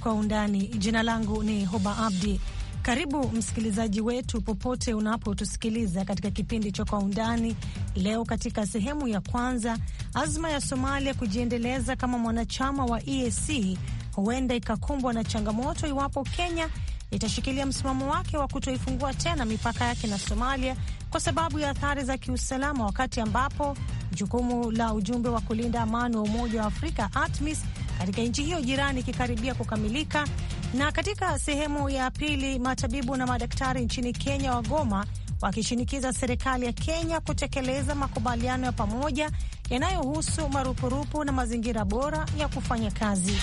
Kwa Undani. Jina langu ni Hoba Abdi. Karibu msikilizaji wetu popote unapotusikiliza katika kipindi cha Kwa Undani. Leo katika sehemu ya kwanza, azma ya Somalia kujiendeleza kama mwanachama wa EAC huenda ikakumbwa na changamoto iwapo Kenya itashikilia msimamo wake wa kutoifungua tena mipaka yake na Somalia kwa sababu ya athari za kiusalama, wakati ambapo jukumu la ujumbe wa kulinda amani wa Umoja wa Afrika ATMIS katika nchi hiyo jirani ikikaribia kukamilika. Na katika sehemu ya pili, matabibu na madaktari nchini Kenya wagoma wakishinikiza serikali ya Kenya kutekeleza makubaliano ya pamoja yanayohusu marupurupu na mazingira bora ya kufanya kazi.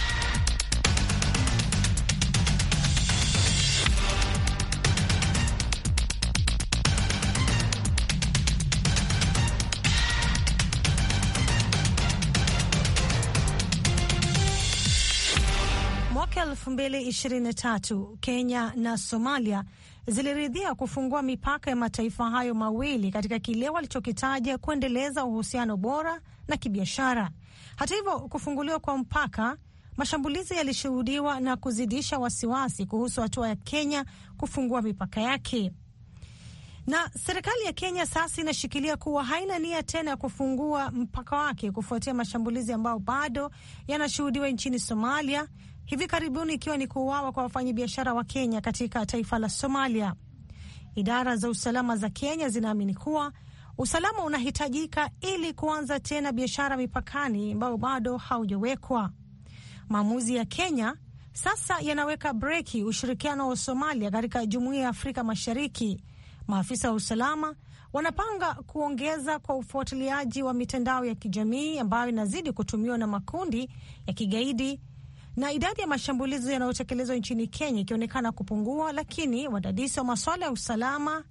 elfu mbili ishirini na tatu Kenya na Somalia ziliridhia kufungua mipaka ya mataifa hayo mawili katika kile walichokitaja kuendeleza uhusiano bora na kibiashara. Hata hivyo, kufunguliwa kwa mpaka, mashambulizi yalishuhudiwa na kuzidisha wasiwasi kuhusu hatua ya Kenya kufungua mipaka yake na serikali ya Kenya sasa inashikilia kuwa haina nia tena ya kufungua mpaka wake kufuatia mashambulizi ambayo bado yanashuhudiwa nchini Somalia hivi karibuni, ikiwa ni kuuawa kwa wafanyabiashara wa Kenya katika taifa la Somalia. Idara za usalama za Kenya zinaamini kuwa usalama unahitajika ili kuanza tena biashara mipakani ambayo bado haujawekwa. Maamuzi ya Kenya sasa yanaweka breki ushirikiano wa Somalia katika jumuiya ya Afrika Mashariki. Maafisa wa usalama wanapanga kuongeza kwa ufuatiliaji wa mitandao ya kijamii ambayo inazidi kutumiwa na makundi ya kigaidi na idadi ya mashambulizi yanayotekelezwa nchini Kenya ikionekana kupungua, lakini wadadisi wa masuala ya usalama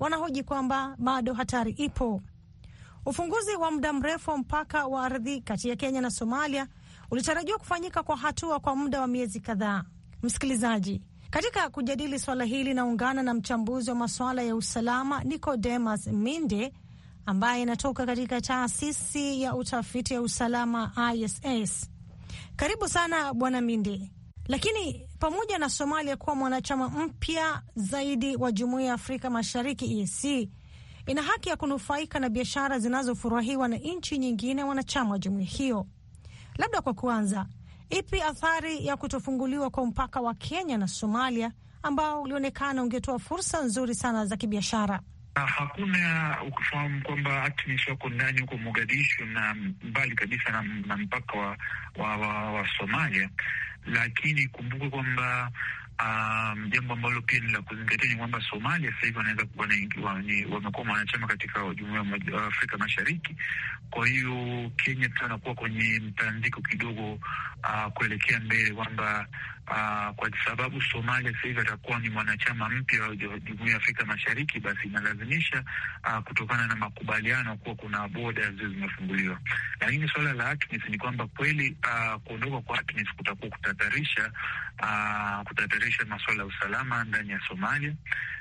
wanahoji kwamba bado hatari ipo. Ufunguzi wa muda mrefu wa mpaka wa ardhi kati ya Kenya na Somalia ulitarajiwa kufanyika kwa hatua kwa muda wa miezi kadhaa. Msikilizaji, katika kujadili swala hili naungana na mchambuzi wa masuala ya usalama Nicodemus Minde ambaye inatoka katika taasisi ya utafiti ya usalama ISS. Karibu sana Bwana Mindi. Lakini pamoja na Somalia kuwa mwanachama mpya zaidi wa Jumuiya ya Afrika Mashariki EAC, ina haki ya kunufaika na biashara zinazofurahiwa na nchi nyingine wanachama wa jumuiya hiyo. Labda kwa kuanza, ipi athari ya kutofunguliwa kwa mpaka wa Kenya na Somalia ambao ulionekana ungetoa fursa nzuri sana za kibiashara? Hakuna ukifahamu kwamba ni wako ndani huko Mogadishu na mbali kabisa na, na mpaka wa, wa, wa, wa Somalia, lakini kumbuka kwamba Um, jambo ambalo pia ni la kuzingatia ni kwamba Somalia sasa hivi wanaweza wamekuwa mwanachama katika jumuiya ya uh, Afrika Mashariki. Kwa hiyo Kenya pia wanakuwa kwenye mtandiko kidogo uh, kuelekea mbele kwamba uh, kwa sababu Somalia sasa hivi atakuwa ni mwanachama mpya wa jumuiya ya Afrika Mashariki, basi inalazimisha uh, kutokana na makubaliano kuwa kuna boda zio zimefunguliwa, lakini suala la ATMIS ni kwamba kweli uh, kuondoka kwa ATMIS kutakuwa kutatarisha uh, kutatarisha kuimarisha masuala ya usalama ndani ya Somalia,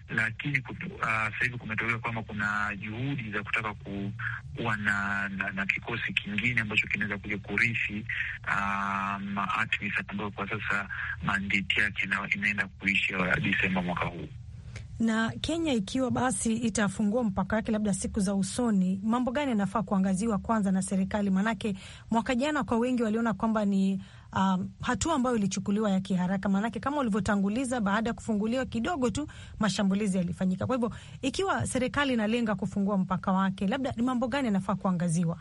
lakini uh, sasa hivi kumetolewa kwamba kuna juhudi za kutaka ku, kuwa na, na, na kikosi kingine ambacho kinaweza kuja kurithi um, uh, ATMIS ambayo kwa sasa mandeti yake inaenda kuisha Desemba mwaka huu na Kenya ikiwa basi itafungua mpaka wake labda siku za usoni, mambo gani yanafaa kuangaziwa kwanza na serikali? Maanake mwaka jana kwa wengi waliona kwamba ni um, hatua ambayo ilichukuliwa ya kiharaka, maanake kama ulivyotanguliza, baada ya kufunguliwa kidogo tu mashambulizi yalifanyika. Kwa hivyo ikiwa serikali inalenga kufungua mpaka wake, labda ni mambo gani yanafaa kuangaziwa?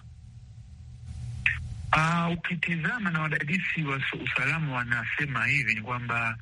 Uh, ukitizama na wadadisi wa usalama wanasema hivi ni kwamba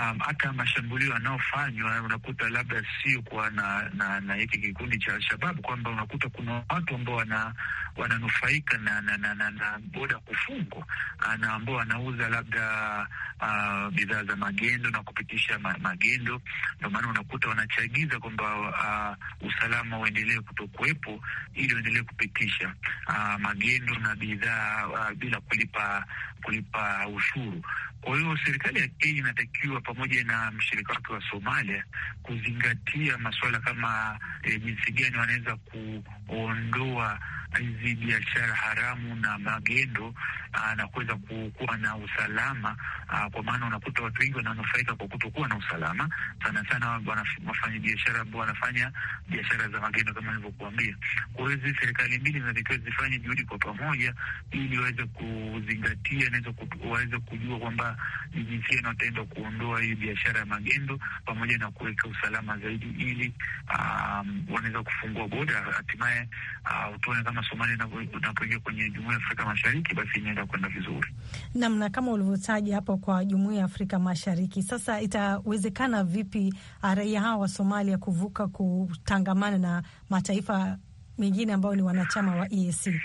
um, hata mashambulio yanayofanywa unakuta labda sio kuwa na na, na hiki kikundi cha Alshababu, kwamba unakuta kuna watu ambao wana wananufaika na na, na, na, na boda kufungwa ah, na ambao wanauza labda uh, bidhaa za magendo na kupitisha ma, magendo. Ndio maana unakuta wanachagiza kwamba uh, usalama uendelee kutokuwepo ili uendelee kupitisha uh, magendo na bidhaa uh, bila kulipa kulipa ushuru. Kwa hiyo serikali ya Kenya inatakiwa pamoja na mshirika wake wa Somalia kuzingatia masuala kama e, jinsi gani wanaweza kuondoa hizi biashara haramu na magendo aa, ah, na kuweza kuwa na usalama aa, ah, kwa maana unakuta watu wengi wananufaika kwa kutokuwa na usalama sana sana, wafanya biashara ambao wanafanya biashara za magendo kama nilivyokuambia. Kwa hiyo hizi serikali mbili zinatakiwa zifanye juhudi kwa pamoja, ili waweze kuzingatia naweza waweze kujua kwamba ni jinsia inataenda kuondoa hii biashara ya magendo pamoja na kuweka usalama zaidi, ili um, wanaweza kufungua boda hatimaye uh, utuone kama Somalia inapoingia kwenye jumuiya ya Afrika Mashariki, basi inaenda kwenda vizuri namna kama ulivyotaja hapo kwa jumuiya ya Afrika Mashariki. Sasa itawezekana vipi ah, raia hawa wa Somalia kuvuka kutangamana na mataifa mengine ambayo ni wanachama wa EAC?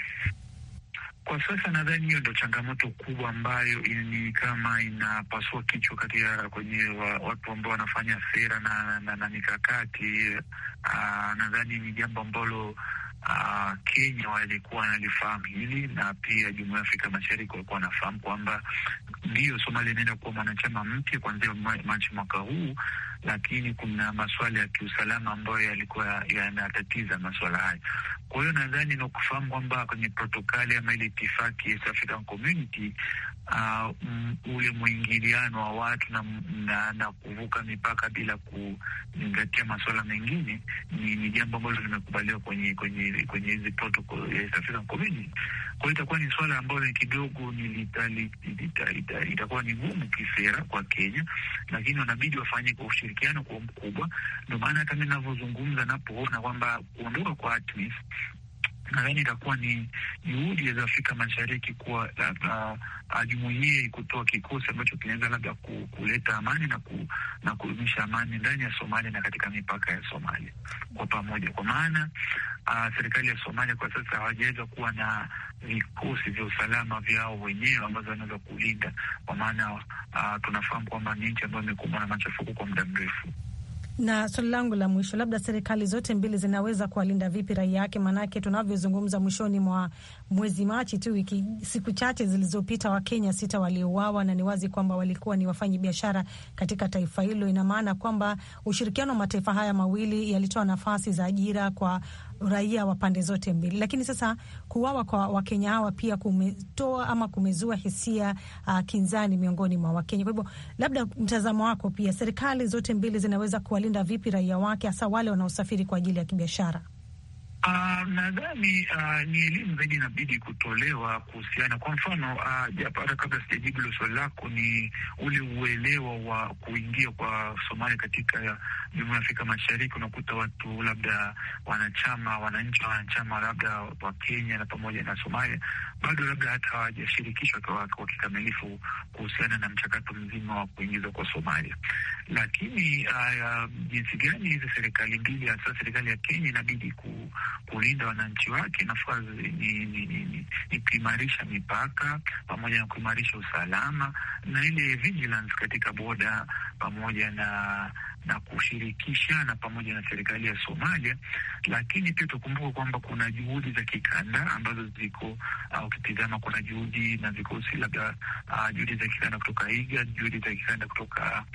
Kwa sasa nadhani hiyo ndo changamoto kubwa ambayo ni kama inapasua kichwa kati ya kwenye wa, watu ambao wanafanya sera na, na, na mikakati. Ah, nadhani ni jambo ambalo uh, Kenya walikuwa wanalifahamu hili na pia jumuiya ya Afrika Mashariki walikuwa wanafahamu kwamba ndiyo Somalia inaenda kuwa mwanachama mpya kuanzia Machi mwaka huu lakini kuna masuala ya kiusalama ambayo yalikuwa yanatatiza masuala hayo. Kwa hiyo nadhani na kufahamu kwamba kwenye protokali ama ile itifaki ya African Community uh, ule mwingiliano wa watu na, na, na kuvuka mipaka bila kuzingatia masuala mengine ni, ni jambo ambalo limekubaliwa kwenye kwenye kwenye hizi protokali ya African Community. Kwa hiyo itakuwa ni swala ambalo ni kidogo itakuwa ni gumu kisera kwa Kenya, lakini wanabidi wafanye kwa ushirikiano kwa mkubwa. Ndio maana hata mi navyozungumza, napoona kwamba kuondoka kwa ATMIS nadhani itakuwa ni juhudi za Afrika Mashariki kuwa ah, jumuia kutoa kikosi ambacho kinaweza labda ku, kuleta amani na, ku, na kudumisha amani ndani ya Somalia na katika mipaka ya Somalia kwa pamoja, kwa maana uh, serikali ya Somalia kwa sasa hawajaweza kuwa na vikosi vya usalama vyao wenyewe ambazo wanaweza kulinda, kwa maana uh, tunafahamu kwamba ni nchi ambayo imekumbwa na machafuko kwa muda mrefu. Na swali langu la mwisho, labda serikali zote mbili zinaweza kuwalinda vipi raia yake? Maanake tunavyozungumza mwishoni mwa mwezi Machi tu, wiki siku chache zilizopita, Wakenya sita waliouawa, na ni wazi kwamba walikuwa ni wafanyi biashara katika taifa hilo. Ina maana kwamba ushirikiano wa mataifa haya mawili yalitoa nafasi za ajira kwa raia wa pande zote mbili. Lakini sasa kuwawa kwa Wakenya hawa pia kumetoa ama kumezua hisia uh, kinzani miongoni mwa Wakenya. Kwa hivyo, labda mtazamo wako pia, serikali zote mbili zinaweza kuwalinda vipi raia wake, hasa wale wanaosafiri kwa ajili ya kibiashara? Uh, nadhani uh, ni elimu zaidi inabidi kutolewa kuhusiana. Kwa mfano hata ah, kabla sijajibu hilo swali lako, ni ule uelewa wa kuingia kwa Somalia katika jumuiya ya Afrika Mashariki. Unakuta watu labda wanachama, wananchi wa wanachama labda wa Kenya na pamoja na Somalia bado labda hata hawajashirikishwa kwa kikamilifu kuhusiana na mchakato mzima wa kuingizwa kwa Somalia. Lakini uh, jinsi gani hizi serikali mbili hasa serikali ya Kenya inabidi ku kulinda wananchi wake, nafua ni, ni, ni, ni kuimarisha mipaka pamoja na kuimarisha usalama na ile vigilance katika boda pamoja na na kushirikishana pamoja na serikali ya Somalia. Lakini pia tukumbuke kwamba kuna juhudi za kikanda ambazo ziko, ukitizama kuna juhudi na vikosi labda, uh, juhudi za kikanda kutoka IGAD, juhudi za kikanda kutoka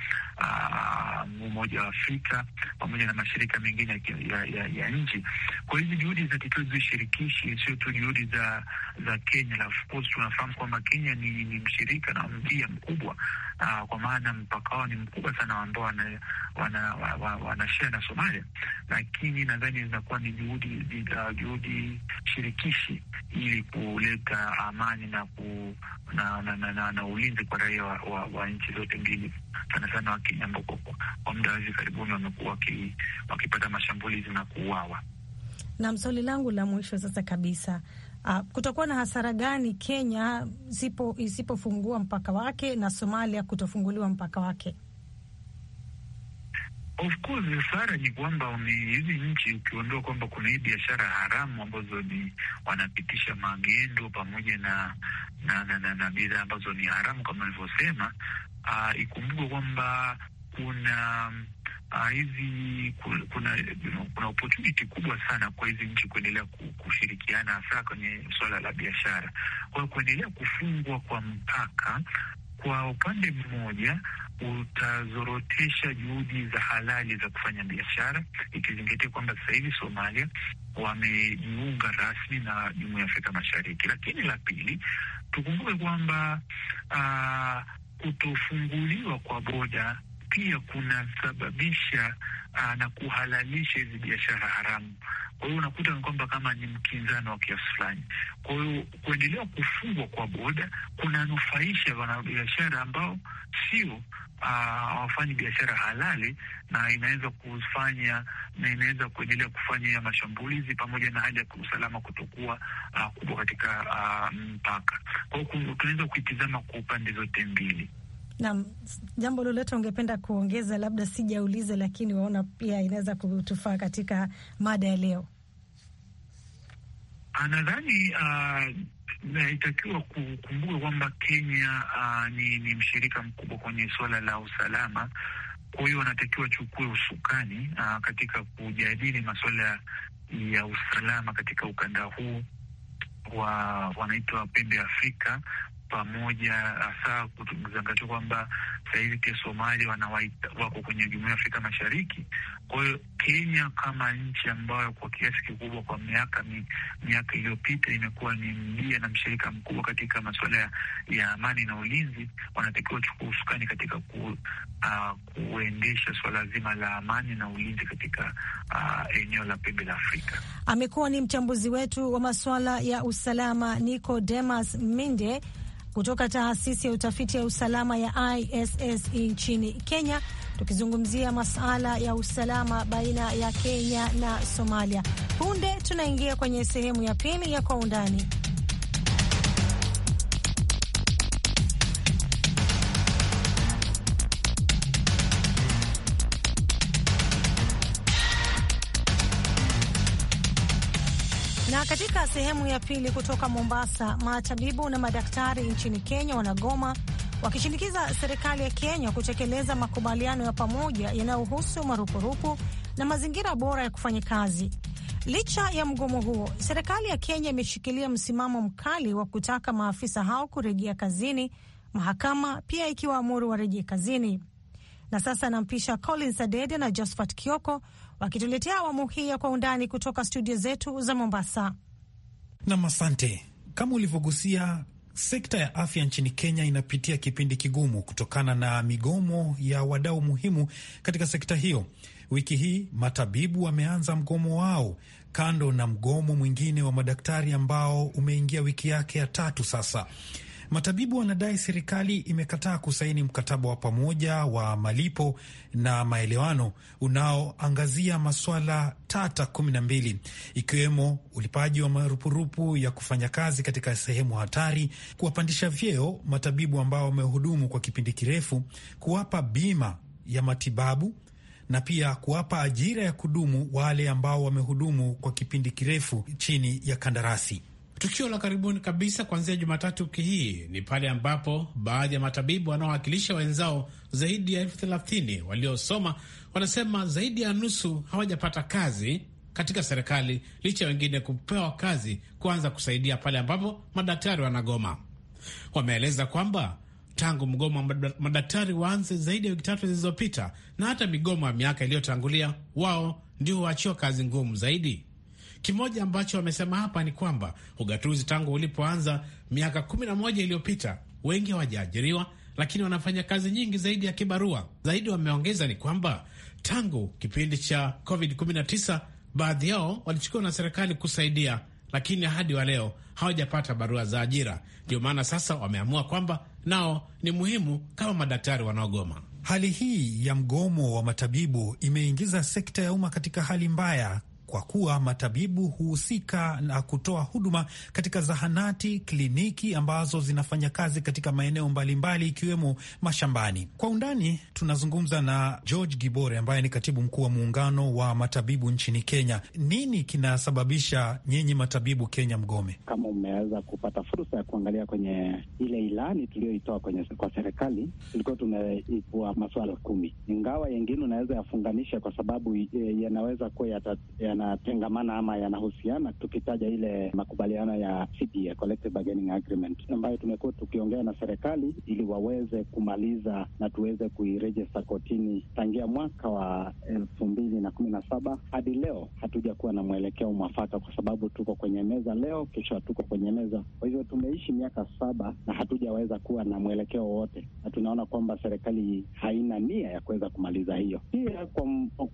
ah, Umoja wa Afrika pamoja na mashirika mengine ya, ya, ya, ya nchi kwa hizi juhudi za ziwe shirikishi, sio tu juhudi za za Kenya. Of course tunafahamu kwamba Kenya ni, ni mshirika na mpia mkubwa uh, kwa maana mpaka wao ni mkubwa sana ambao wanashia wana, wana, wana na Somalia, lakini nadhani zinakuwa ni juhudi uh, juhudi shirikishi ili kuleta amani na, ku, na, na, na, na, na ulinzi kwa raia wa, wa, wa nchi zote mbili sana sana Wakenya ambao kwa muda wa hivi karibuni wamekuwa wakipata mashambulizi na kuuawa. Nam, swali langu la mwisho sasa kabisa, uh, kutakuwa na hasara gani Kenya sipo, isipofungua mpaka wake na Somalia kutofunguliwa mpaka wake? Of course hasara ni kwamba hizi nchi ukiondoa kwamba kuna hii biashara haramu ambazo ni wanapitisha magendo pamoja na na, na, na, na bidhaa ambazo ni haramu kama alivyosema Uh, ah, ikumbuke kwamba kuna um, Ah, hizi kuna, kuna kuna opportunity kubwa sana kwa hizi nchi kuendelea kushirikiana hasa kwenye suala la biashara. Kwa hiyo kuendelea kufungwa kwa mpaka kwa upande mmoja utazorotesha juhudi za halali za kufanya biashara, ikizingatia kwamba sasa hivi Somalia wamejiunga rasmi na Jumuiya ya Afrika Mashariki. Lakini la pili, tukumbuke kwamba uh, kutofunguliwa kwa boda pia kunasababisha uh, na kuhalalisha hizi biashara haramu. Kwa hiyo unakuta ni kwamba kama ni mkinzano wa kiasi fulani. Kwa hiyo kuendelea kufungwa kwa boda kunanufaisha wanabiashara ambao sio ah, hawafanyi uh, biashara halali, na inaweza kufanya na inaweza kuendelea kufanya mashambulizi pamoja na hali ya usalama kutokuwa uh, kubwa katika uh, mpaka. Kwa hiyo tunaweza kuitizama kwa upande zote mbili. Naam, jambo lolote ungependa kuongeza, labda sijauliza, lakini waona pia inaweza kutufaa katika mada ya leo. Ah, nadhani uh, ah, itakiwa kukumbuka kwamba Kenya uh, ni, ni mshirika mkubwa kwenye suala la usalama. Kwa hiyo wanatakiwa chukue usukani uh, katika kujadili masuala ya usalama katika ukanda huu wa wanaitwa pembe Afrika pamoja, hasa kuzingatia kwamba sahizi pia Somalia wanawaita wako kwenye jumuia ya Afrika Mashariki. Kwa hiyo Kenya kama nchi ambayo kwa kiasi kikubwa kwa miaka mi, miaka iliyopita imekuwa ni mdia na mshirika mkubwa katika masuala ya amani na ulinzi, wanatakiwa chukua usukani katika ku, uh, kuendesha suala zima la amani na ulinzi katika uh, eneo la pembe la Afrika. Amekuwa ni mchambuzi wetu wa masuala ya usalama Demas Minde kutoka taasisi ya utafiti ya usalama ya ISS e nchini Kenya, tukizungumzia masuala ya usalama baina ya Kenya na Somalia. Punde tunaingia kwenye sehemu ya pili ya Kwa Undani. katika sehemu ya pili kutoka Mombasa, matabibu na madaktari nchini Kenya wanagoma wakishinikiza serikali ya Kenya kutekeleza makubaliano ya pamoja yanayohusu marupurupu na mazingira bora ya kufanya kazi. Licha ya mgomo huo, serikali ya Kenya imeshikilia msimamo mkali wa kutaka maafisa hao kurejea kazini, mahakama pia ikiwaamuru warejee kazini. Na sasa nampisha Collins Adede na Josphat Kioko wakituletea awamu hii ya kwa undani kutoka studio zetu za Mombasa. Nam, asante. Kama ulivyogusia, sekta ya afya nchini Kenya inapitia kipindi kigumu kutokana na migomo ya wadau muhimu katika sekta hiyo. Wiki hii matabibu wameanza mgomo wao, kando na mgomo mwingine wa madaktari ambao umeingia wiki yake ya tatu sasa. Matabibu wanadai serikali imekataa kusaini mkataba wa pamoja wa malipo na maelewano unaoangazia maswala tata kumi na mbili ikiwemo ulipaji wa marupurupu ya kufanya kazi katika sehemu hatari, kuwapandisha vyeo matabibu ambao wamehudumu kwa kipindi kirefu, kuwapa bima ya matibabu na pia kuwapa ajira ya kudumu wale ambao wamehudumu kwa kipindi kirefu chini ya kandarasi. Tukio la karibuni kabisa kuanzia Jumatatu wiki hii ni pale ambapo baadhi ya matabibu wanaowakilisha wenzao zaidi ya elfu thelathini waliosoma wanasema zaidi ya nusu hawajapata kazi katika serikali licha ya wengine kupewa kazi kuanza kusaidia pale ambapo madaktari wanagoma. Wameeleza kwamba tangu mgomo wa madaktari waanze zaidi ya wiki tatu zilizopita, na hata migomo ya miaka iliyotangulia, wao ndio waachiwa kazi ngumu zaidi. Kimoja ambacho wamesema hapa ni kwamba ugatuzi tangu ulipoanza miaka kumi na moja iliyopita, wengi hawajaajiriwa, lakini wanafanya kazi nyingi zaidi ya kibarua. Zaidi wameongeza ni kwamba tangu kipindi cha COVID-19 baadhi yao walichukiwa na serikali kusaidia, lakini hadi wa leo hawajapata barua za ajira. Ndio maana sasa wameamua kwamba nao ni muhimu kama madaktari wanaogoma. Hali hii ya mgomo wa matabibu imeingiza sekta ya umma katika hali mbaya kwa kuwa matabibu huhusika na kutoa huduma katika zahanati, kliniki ambazo zinafanya kazi katika maeneo mbalimbali ikiwemo mashambani. Kwa undani tunazungumza na George Gibore ambaye ni katibu mkuu wa muungano wa matabibu nchini Kenya. Nini kinasababisha nyinyi matabibu Kenya mgome? Kama umeweza kupata fursa ya kuangalia kwenye ile ilani tuliyoitoa kwenye kwa serikali, tulikuwa tunaipua masuala kumi, ingawa yengine unaweza yafunganisha kwa sababu eh, yanaweza kuwa yana yanatengamana ama yanahusiana, tukitaja ile makubaliano ya CBA, Collective Bargaining Agreement, ambayo tumekuwa tukiongea na serikali ili waweze kumaliza na tuweze kuirejista kotini tangia mwaka wa elfu mbili na kumi na saba hadi leo hatuja kuwa na mwelekeo mwafaka, kwa sababu tuko kwenye meza leo, kesho hatuko kwenye meza. Kwa hivyo tumeishi miaka saba na hatujaweza kuwa na mwelekeo wote na tunaona kwamba serikali haina nia ya kuweza kumaliza hiyo. Pia kwa,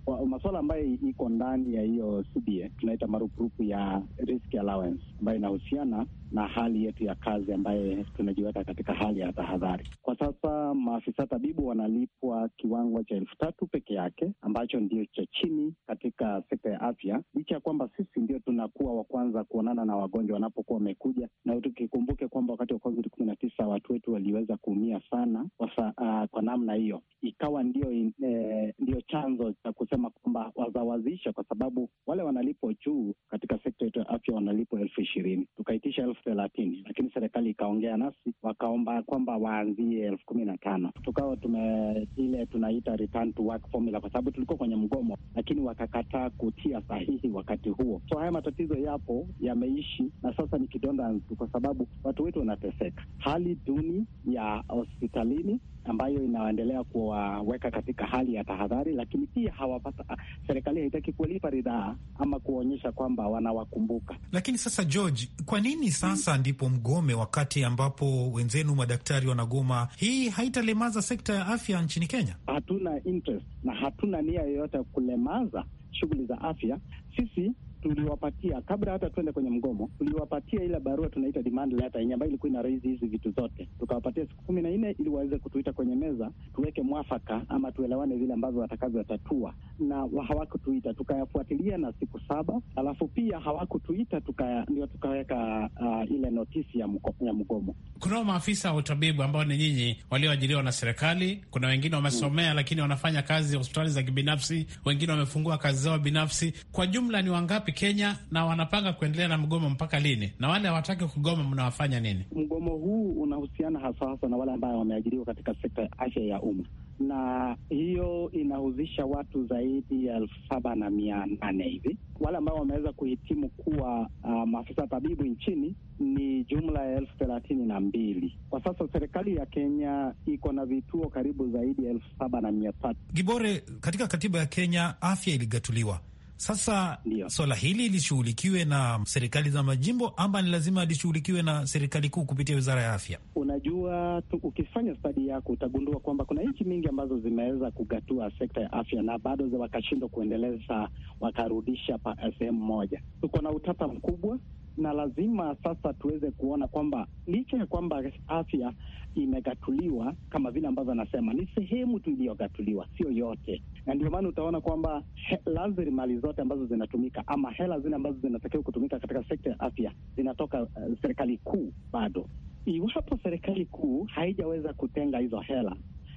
kwa masuala ambayo iko ndani ya hiyo CBA tunaita marupurupu ya risk allowance ambayo inahusiana na hali yetu ya kazi ambaye tumejiweka katika hali ya tahadhari. Kwa sasa maafisa tabibu wanalipwa kiwango cha elfu tatu peke yake ambacho ndio cha chini katika sekta ya afya, licha ya kwamba sisi ndio tunakuwa wa kwanza kuonana na wagonjwa wanapokuwa wamekuja, na tukikumbuke kwamba wakati wa COVID kumi na tisa watu wetu waliweza kuumia sana wasa, uh, kwa namna hiyo ikawa ndio, in, eh, ndio chanzo cha kusema kwamba wazawazisha, kwa sababu wale wanalipwa juu katika sekta yetu ya afya wanalipwa elfu ishirini tukaitisha elfu elfu thelathini lakini serikali ikaongea nasi wakaomba kwamba waanzie elfu kumi na tano tukawa tume ile tunaita return to work formula kwa sababu tulikuwa kwenye mgomo, lakini wakakataa kutia sahihi wakati huo. So haya matatizo yapo, yameishi na sasa ni kidonda, kwa sababu watu wetu wanateseka, hali duni ya hospitalini ambayo inaendelea kuwaweka katika hali ya tahadhari, lakini pia hawapata, ah, serikali haitaki kulipa ridhaa ama kuonyesha kwamba wanawakumbuka. Lakini sasa, George, kwa nini sasa ndipo mgome, wakati ambapo wenzenu madaktari wanagoma? Hii haitalemaza sekta ya afya nchini Kenya? Hatuna interest na hatuna nia yoyote ya kulemaza shughuli za afya. Sisi tuliwapatia kabla hata tuende kwenye mgomo, tuliwapatia ile barua tunaita demand letter yenye ambayo ilikuwa ina raise hizi vitu zote, tukawapatia siku kumi na nne ili waweze kutuita kwenye meza tuweke mwafaka ama tuelewane vile ambavyo watakavyotatua, na hawakutuita. Tukayafuatilia na siku saba, alafu pia hawakutuita, ndio tukaweka uh, ile notisi ya, ya mgomo. Kunao maafisa wa utabibu ambao ni nyinyi walioajiriwa na serikali, kuna wengine wamesomea hmm, lakini wanafanya kazi hospitali za kibinafsi, wengine wamefungua kazi zao binafsi. Kwa jumla ni wangapi wapi Kenya na wanapanga kuendelea na mgomo mpaka lini? Na wale hawataki kugoma, mnawafanya nini? Mgomo huu unahusiana hasa hasa na wale ambao wameajiriwa katika sekta ya afya ya umma, na hiyo inahuzisha watu zaidi ya elfu saba na mia nane hivi. Wale ambao wameweza kuhitimu kuwa uh, maafisa tabibu nchini ni jumla ya elfu thelathini na mbili kwa sasa. Serikali ya Kenya iko na vituo karibu zaidi ya elfu saba na mia tatu Gibore, katika katiba ya Kenya afya iligatuliwa sasa swala hili lishughulikiwe na serikali za majimbo ama ni lazima lishughulikiwe na serikali kuu kupitia wizara ya afya? Unajua tu, ukifanya stadi yako utagundua kwamba kuna nchi mingi ambazo zimeweza kugatua sekta ya afya na bado wakashindwa kuendeleza wakarudisha sehemu moja. Tuko na utata mkubwa na lazima sasa tuweze kuona kwamba licha ya kwamba afya imegatuliwa kama vile ambavyo anasema, ni sehemu tu iliyogatuliwa, sio yote, na ndio maana utaona kwamba rasilimali zote ambazo zinatumika ama hela zile ambazo zinatakiwa kutumika katika sekta ya afya zinatoka uh, serikali kuu bado. Iwapo serikali kuu haijaweza kutenga hizo hela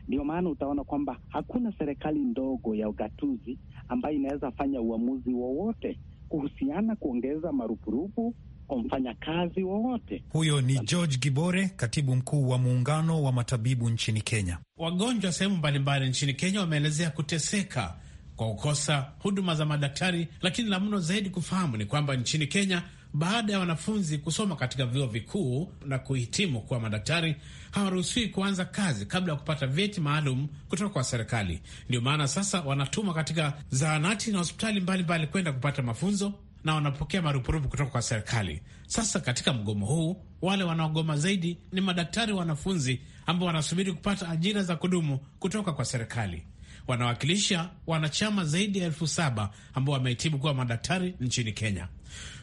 ndio maana utaona kwamba hakuna serikali ndogo ya ugatuzi ambayo inaweza fanya uamuzi wowote kuhusiana kuongeza marupurupu kwa mfanyakazi wowote. Huyo ni George Gibore, katibu mkuu wa muungano wa matabibu nchini Kenya. Wagonjwa sehemu mbalimbali nchini Kenya wameelezea kuteseka kwa kukosa huduma za madaktari, lakini la mno zaidi kufahamu ni kwamba nchini Kenya baada ya wanafunzi kusoma katika vyuo vikuu na kuhitimu kuwa madaktari hawaruhusiwi kuanza kazi kabla ya kupata vyeti maalum kutoka kwa serikali. Ndio maana sasa wanatumwa katika zahanati na hospitali mbalimbali kwenda kupata mafunzo na wanapokea marupurupu kutoka kwa serikali. Sasa katika mgomo huu wale wanaogoma zaidi ni madaktari wanafunzi ambao wanasubiri kupata ajira za kudumu kutoka kwa serikali. Wanawakilisha wanachama zaidi ya elfu saba ambao wamehitimu kuwa madaktari nchini Kenya.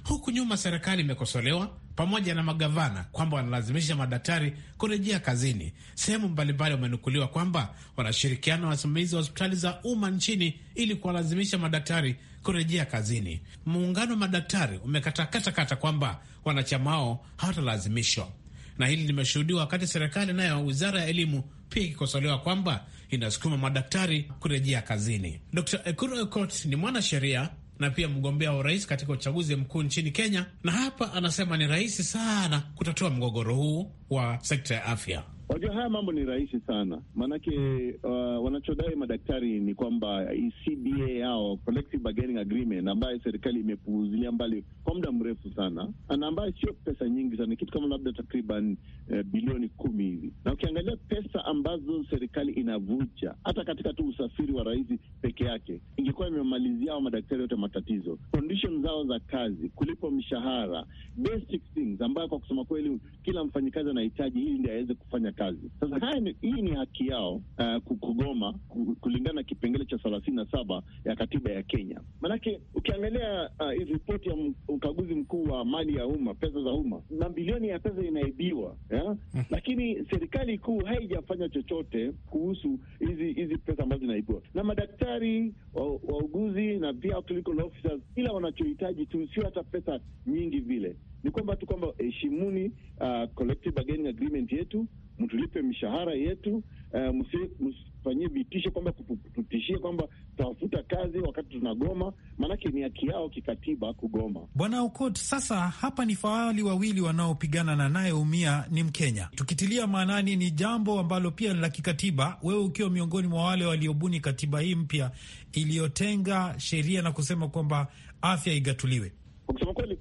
Huku nyuma serikali imekosolewa pamoja na magavana kwamba wanalazimisha madaktari kurejea kazini. Sehemu mbalimbali wamenukuliwa kwamba wanashirikiana na wasimamizi wa hospitali za umma nchini ili kuwalazimisha madaktari kurejea kazini. Muungano wa madaktari katakata kwamba wanachama wao hawatalazimishwa, na hili limeshuhudiwa wakati serikali nayo, wizara ya elimu pia ikikosolewa kwamba inasukuma madaktari kurejea kazini. Dr Ekuru Aukot ni mwanasheria na pia mgombea wa urais katika uchaguzi mkuu nchini Kenya, na hapa anasema ni rahisi sana kutatua mgogoro huu wa sekta ya afya. Wajua, haya mambo ni rahisi sana maanake, mm. uh, wanachodai madaktari ni kwamba CBA yao collective bargaining agreement, ambayo serikali imepuuzilia mbali kwa muda mrefu sana na ambayo sio pesa nyingi sana, kitu kama labda takriban uh, bilioni kumi hivi, na ukiangalia pesa ambazo serikali inavuja hata katika tu usafiri wa rais peke yake, ingekuwa imemalizia hao madaktari yote matatizo, condition zao za kazi, kulipo mshahara, basic things ambayo kwa kusema kweli kila mfanyikazi anahitaji ili ndi aweze kufanya kazi. Sasa haya ni, hii ni haki yao uh, kugoma kulingana na kipengele cha thelathini na saba ya katiba ya Kenya. Maanake ukiangalia uh, ripoti ya mkaguzi mkuu wa mali ya umma, pesa za umma, mabilioni ya pesa inaibiwa yeah? Hmm. lakini serikali kuu haijafanya chochote kuhusu hizi hizi pesa ambazo zinaibiwa na madaktari wauguzi na pia clinical officers, ila wanachohitaji tu sio hata pesa nyingi vile, ni kwamba tu kwamba heshimuni uh, collective bargaining agreement yetu mtulipe mishahara yetu. Uh, msifanyie vitisho kwamba tutishie kwamba tutafuta kazi wakati tunagoma, maanake ni haki yao kikatiba kugoma. Bwana Okot, sasa hapa ni fahali wawili wanaopigana na naye umia ni Mkenya. Tukitilia maanani, ni jambo ambalo pia la kikatiba, wewe ukiwa miongoni mwa wale waliobuni katiba hii mpya iliyotenga sheria na kusema kwamba afya igatuliwe. Kwa kusema kweli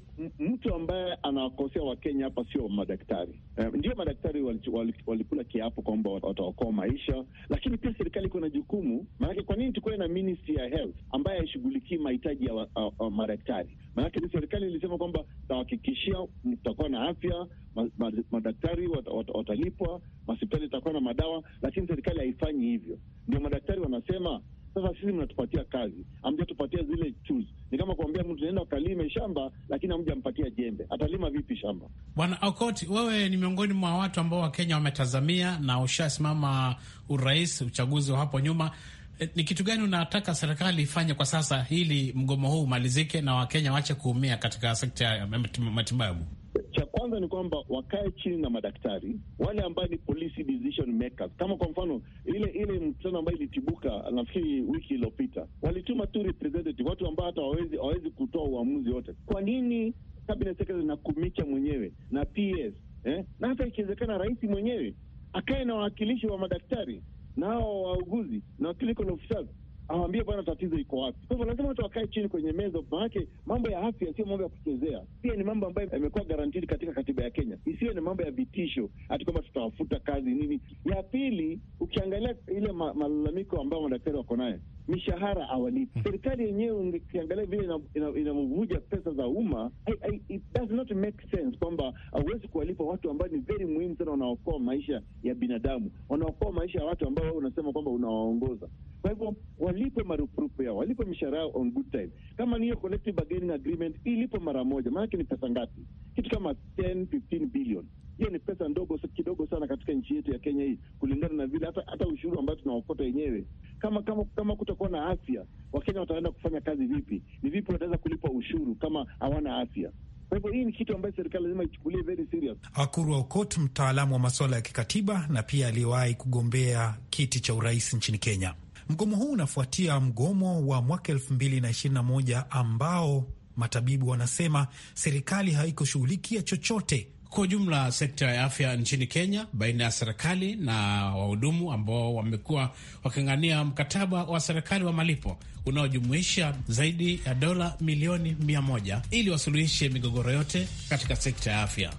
mtu ambaye anawakosea Wakenya hapa sio madaktari. Um, ndio madaktari walikula wali, kiapo kwamba wataokoa maisha, lakini pia serikali iko na jukumu. Maanake kwa nini tukuwe na ministry ya health ambaye haishughulikii mahitaji ya madaktari? Maanake serikali ilisema kwamba tahakikishia mtakuwa na afya ma, ma, madaktari wat, wat, watalipwa, mahospitali itakuwa na madawa, lakini serikali haifanyi hivyo. Ndio madaktari wanasema sasa sisi mnatupatia kazi, amjatupatia zile chuzi. Ni kama kuambia mtu naenda ukalime shamba, lakini amjampatia jembe, atalima vipi shamba? Bwana Okoti, wewe ni miongoni mwa watu ambao Wakenya wametazamia na ushasimama urais uchaguzi wa hapo nyuma. E, ni kitu gani unataka serikali ifanye kwa sasa ili mgomo huu umalizike na Wakenya waache kuumia katika sekta ya matibabu? cha kwanza ni kwamba wakae chini na madaktari wale ambaye ni policy decision makers. Kama kwa mfano ile ile mkutano ambayo ilitibuka nafikiri wiki iliyopita, walituma tu representative, watu ambao hata hawawezi hawawezi kutoa uamuzi wote. Kwa nini cabinet secretary na kumicha mwenyewe na PS eh? na hata ikiwezekana rais mwenyewe akae na wawakilishi wa madaktari na hao wauguzi na clinical officers awambie bwana, tatizo iko wapi. Kwa hivyo lazima watu wakae chini kwenye meza, maanake mambo ya afya sio mambo ya kuchezea, pia ni mambo ambayo yamekuwa garantii katika katiba ya Kenya, isiyo ni mambo ya vitisho hati kwamba tutawafuta kazi nini. Ya pili, ukiangalia ile ma malalamiko ambayo madaktari wako naye mishahara awalipi hmm. serikali yenyewe. Ukiangalia vile ina pesa za umma, it does not make sense kwamba hauwezi kuwalipa watu ambao ni very muhimu sana, wanaokoa maisha ya binadamu, wanaokoa maisha ya watu ambao unasema kwamba unawaongoza. Kwa hivyo walipe marupurupu yao, walipe mishahara yao on good time. Kama ni hiyo collective bargaining agreement ilipo mara moja, maanake ni pesa ngapi? Kitu kama 10 15 billion. Hiyo ni pesa ndogo kidogo sana katika nchi yetu ya Kenya hii, kulingana na vile hata hata ushuru ambao tunaokota wenyewe. Kama kama kama kutakuwa na afya, Wakenya wataenda kufanya kazi vipi? Ni vipi wataweza kulipa ushuru kama hawana afya? Kwa hivyo hii ni kitu ambayo serikali lazima ichukulie very serious. Akuru Aukot, mtaalamu wa masuala ya kikatiba na pia aliyewahi kugombea kiti cha urais nchini Kenya. Mgomo huu unafuatia mgomo wa mwaka moja ambao matabibu wanasema serikali haikushughulikia chochote. Kwa ujumla, sekta ya afya nchini Kenya baina ya serikali na wahudumu ambao wamekuwa waking'ang'ania mkataba wa serikali wa malipo unaojumuisha zaidi ya dola milioni mia moja ili wasuluhishe migogoro yote katika sekta ya afya.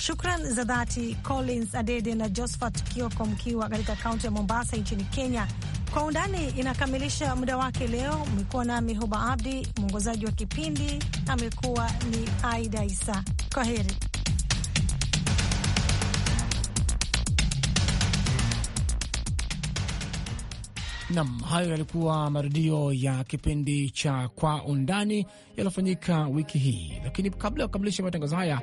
Shukran za dhati Collins Adede na Josphat Kioko mkiwa katika kaunti ya Mombasa nchini Kenya. Kwa undani inakamilisha muda wake leo. Umekuwa nami Huba Abdi, mwongozaji wa kipindi amekuwa ni Aida Isa. Kwa heri. Nam, hayo yalikuwa marudio ya kipindi cha Kwa Undani yaliyofanyika wiki hii, lakini kabla ya kukamilisha matangazo haya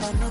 But no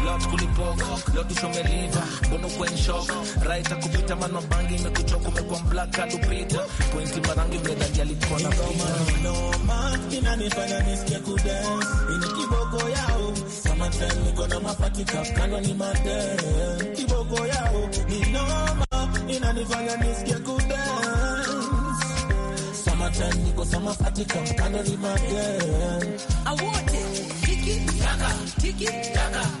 What kulipok leo meliva bono kwen shock right akupita mano bangi imekuchoka umekuwa black alupita pointi marangi mledadi alikuwa na pita ina inanifanya nisikia kudance ini kiboko yao summertime niko na mapati kapkando ni mate kiboko yao ni ina inanifanya nisikia kudance summertime niko sama pati kapkando ni made awote tiki taka tiki taka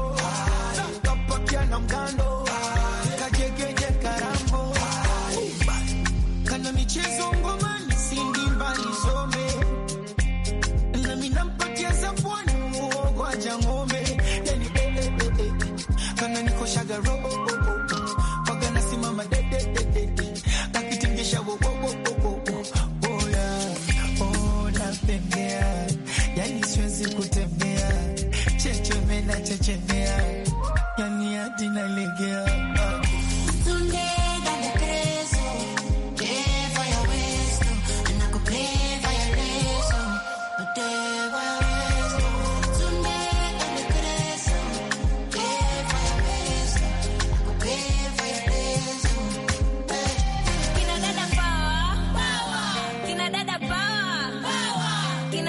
kando